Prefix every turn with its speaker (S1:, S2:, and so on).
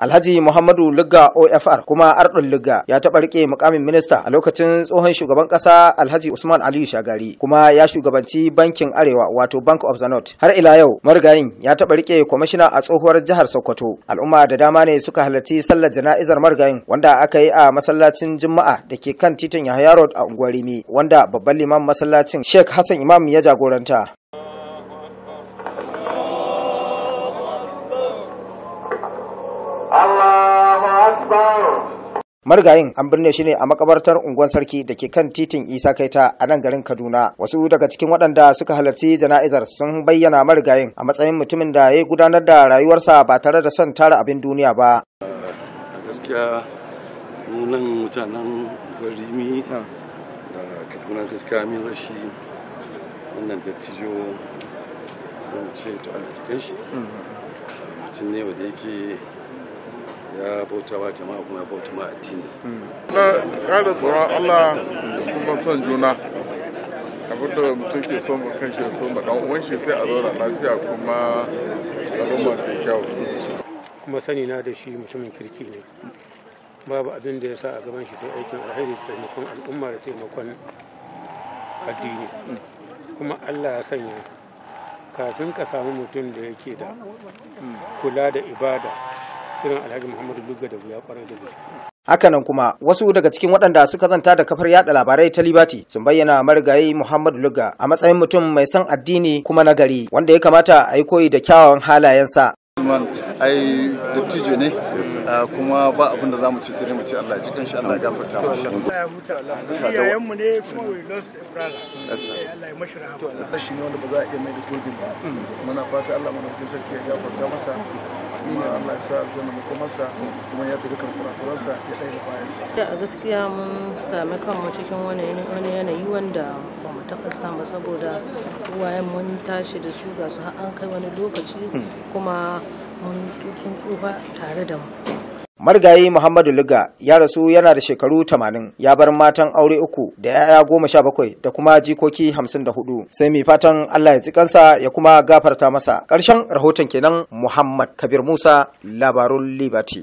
S1: Alhaji Muhammadu Lugga OFR kuma Ardun Lugga ya taɓa rike mukamin minista a lokacin tsohon shugaban ƙasa Alhaji Usman Aliyu Shagari kuma ya shugabanci bankin Arewa wato Bank of the North. Har ila yau marigayin ya taɓa rike kwamishina a tsohuwar jihar Sokoto. Al'umma da dama ne suka halarci sallar jana'izar marigayin wanda aka yi a masallacin Juma'a da ke kan titin Yahaya Road a unguwar Rimi wanda babban liman masallacin Sheikh Hassan Imam ya jagoranta. Margayin an birne shi ne a makabartar unguwar sarki da ke kan titin isa kaita a nan garin kaduna wasu daga cikin waɗanda suka halarci jana'izar sun bayyana margayin a matsayin mutumin da ya gudanar da rayuwarsa ba tare da son tara abin duniya ba gaskiya nan mutanen gwarimi da kaduna gaskiya min rashi wannan dattijo sun ce to allah shi mm-hmm. mutum ne wanda yake ya bauta wa jama'a kuma ya bauta ma addini na ƙara tsoron Allah kuma son juna abin da mutum ke son kan shi son da ɗan uwan shi sai a zauna lafiya kuma al'umma ta kyau kuma sani na da shi mutumin kirki ne babu abin da ya sa a gaban shi sai aikin alheri taimakon al'umma da taimakon addini kuma Allah ya sanya kafin ka samu mutum da yake da kula da ibada irin alhaji muhammadu lugga da wuya kwarai da gaske hakanan kuma wasu daga cikin waɗanda suka zanta da kafar yada labarai ta libati sun bayyana marigayi muhammadu lugga a matsayin mutum mai son addini kuma nagari wanda ya kamata a yi koyi da kyawawan halayensa ai dattijo ne kuma ba abin da zamu ci sai dai mu ce Allah ji kanshi Allah gafarta mashi Allah ya huta Allah yayan mu ne kuma we lost a brother Allah ya mashi rahama shi ne wanda ba za a iya mai da tobin ba muna fata Allah madaukakin sarki ya gafarta masa ni ne Allah ya sa aljanna mu kuma sa kuma ya fi dukkan kurakuransa ya dai da bayansa a gaskiya mun sami kanmu cikin wani yanayi wanda taɓa samu saboda wayan mun tashi da su ga su an kai wani lokaci hmm. kuma mun tutsun tsufa tare da mu marigayi muhammadu liga ya rasu yana da shekaru 80 ya bar matan aure uku da 'ya'ya goma sha bakwai da kuma jikoki 54 sai mai fatan allah ya ji kansa ya kuma gafarta masa ƙarshen rahoton kenan muhammad kabir musa labarun liberty